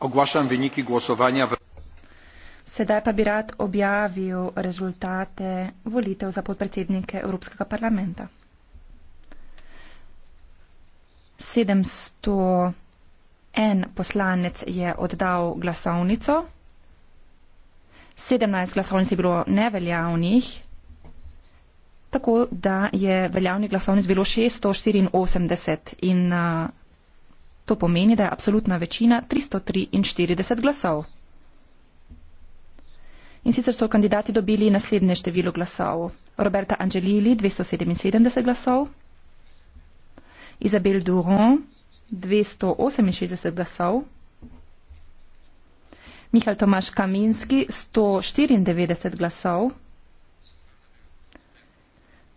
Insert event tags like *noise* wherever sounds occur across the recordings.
Ogłaszam wyniki głosowania. W... Sedaj pa bi rad objavil rezultate volitev za podpredsednike Evropskega parlamenta. 701 poslanec je oddal glasovnico, 17 glasovnic je bilo neveljavnih, tako da je veljavnih glasovnic bilo 684 in uh, To pomeni, da je absolutna večina 343 glasov. In sicer so kandidati dobili naslednje število glasov. Roberta Angelili 277 glasov, Izabel Duron 268 glasov, Mihal Tomaš Kaminski 194 glasov,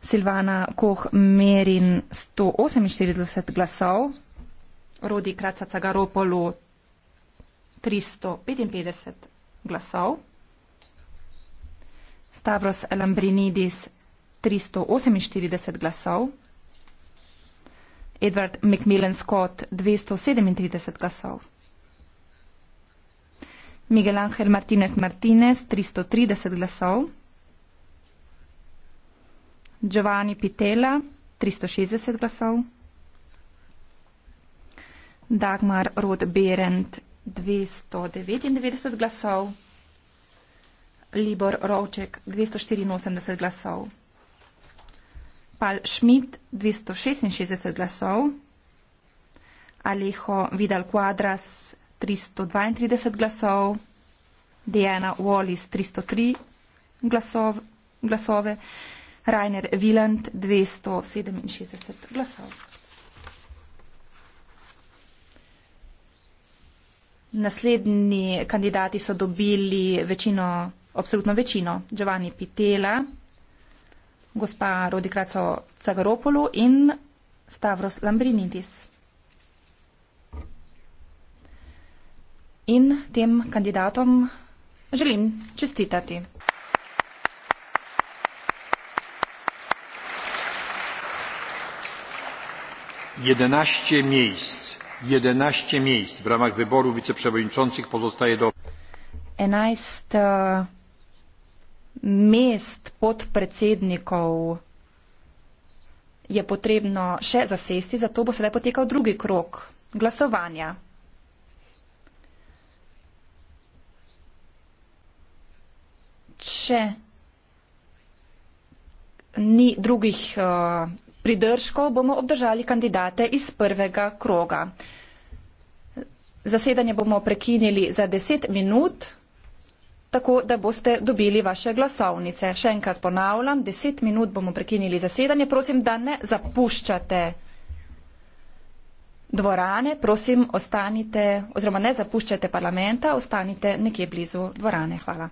Silvana Koh Merin 148 glasov, Rodi Kraca Cagaropolu 355 glasov, Stavros Lambrinidis 348 glasov, Edward McMillan Scott 237 glasov, Miguel Angel Martinez Martinez 330 glasov, Giovanni Pitela 360 glasov, Dagmar Roth-Berend 299 glasov, Libor Rovček 284 glasov, Pal Schmidt 266 glasov, Alejo Vidal Quadras 332 glasov, Diana Wallis 303 glasov, glasove, Rainer Wieland 267 glasov. Naslednji kandidati so dobili večino, absolutno večino, Giovanni Pitela, gospa Rodikraco Cagaropolu in Stavros Lambrinidis. In tem kandidatom želim čestitati. Jedenašče mjesec jedenaście miejsc w ramach wyboru wiceprzewodniczących pozostaje do. Enajst e, mest podpredsednikov je potrebno še zasesti, zato bo sedaj potekal drugi krok glasovanja. Če ni drugih e, pridržkov bomo obdržali kandidate iz prvega kroga. Zasedanje bomo prekinili za deset minut, tako da boste dobili vaše glasovnice. Še enkrat ponavljam, deset minut bomo prekinili zasedanje. Prosim, da ne zapuščate dvorane, prosim, ostanite, oziroma ne zapuščate parlamenta, ostanite nekje blizu dvorane. Hvala.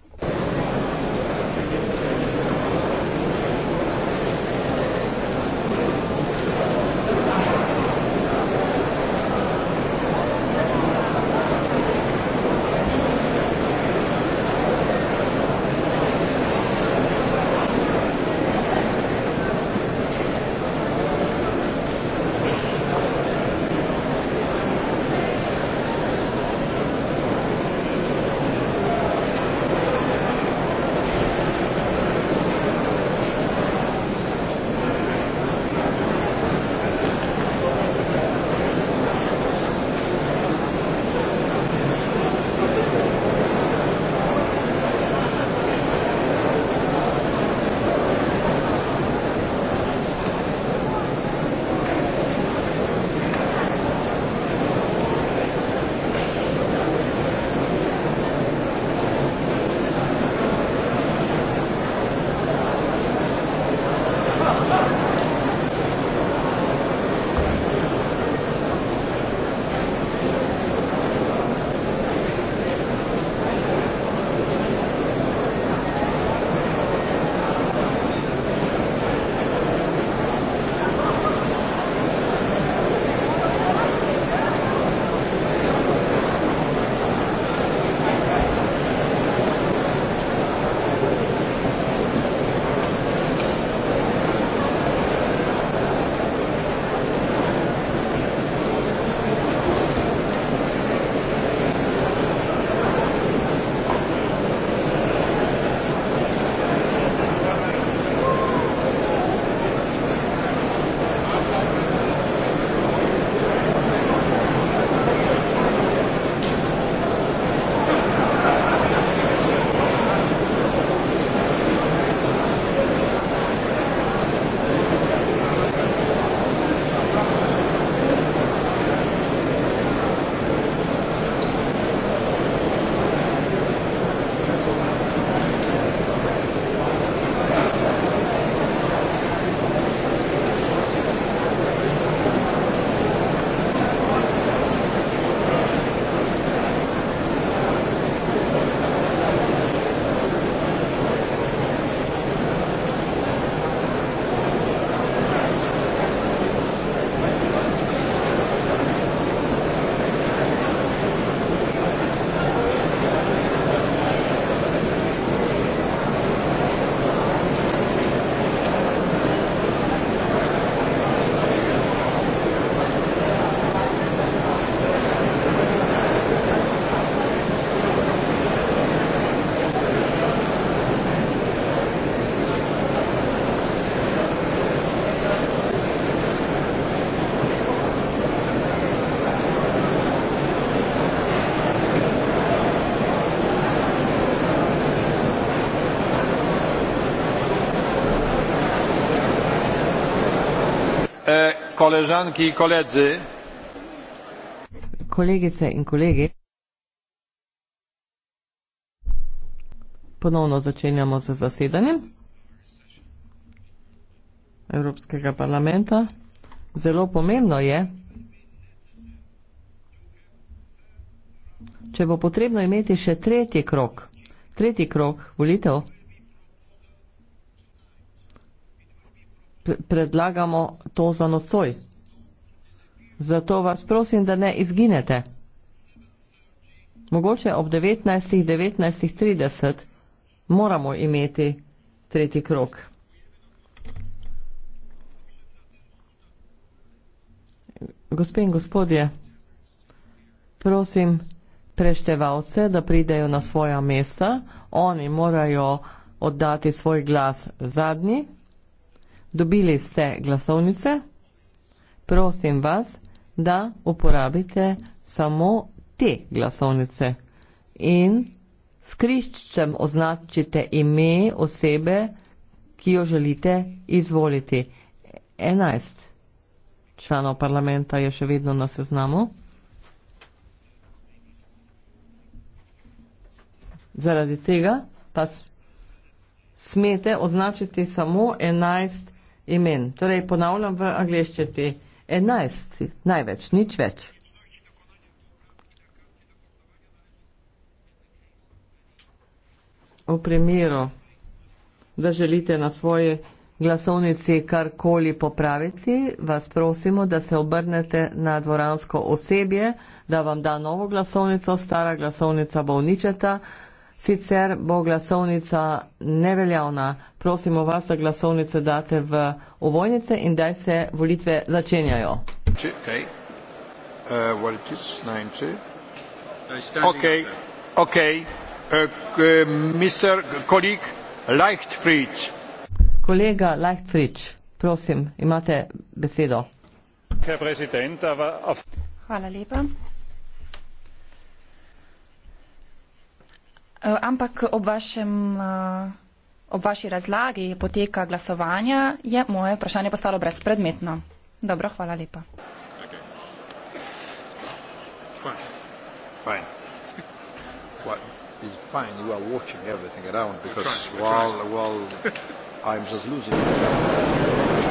koleżanki i koledzy. Kolegice i kolegi. Ponowno zaczynamy ze zasiedaniem Europejskiego Parlamentu. Zelo pomembno je, če bo potrebno imeti še tretji krok, tretji krok volitev, predlagamo to za nocoj. Zato vas prosim, da ne izginete. Mogoče ob 19.19.30 .19 moramo imeti tretji krok. Gospe in gospodje, prosim preštevalce, da pridejo na svoja mesta. Oni morajo oddati svoj glas zadnji. Dobili ste glasovnice. Prosim vas, da uporabite samo te glasovnice in s križčem označite ime osebe, ki jo želite izvoliti. 11 članov parlamenta je še vedno na seznamu. Zaradi tega pa smete označiti samo 11 članov imen. Torej, ponavljam v angliščini. 11, največ, nič več. V primeru, da želite na svoji glasovnici karkoli popraviti, vas prosimo, da se obrnete na dvoransko osebje, da vam da novo glasovnico, stara glasovnica bo uničeta, sicer bo glasovnica neveljavna prosimo vas, da glasovnice date v ovojnice in da se volitve začenjajo. Okay. Uh, what is okay. Okay. Uh, uh Mr. Kolik Leichtfried. Kolega Leichtfried, prosim, imate besedo. Hvala lepa. Uh, ampak ob vašem uh, ob vaši razlagi poteka glasovanja, je moje vprašanje postalo brezpredmetno. Dobro, hvala lepa. Okay. Fine. Fine. *laughs*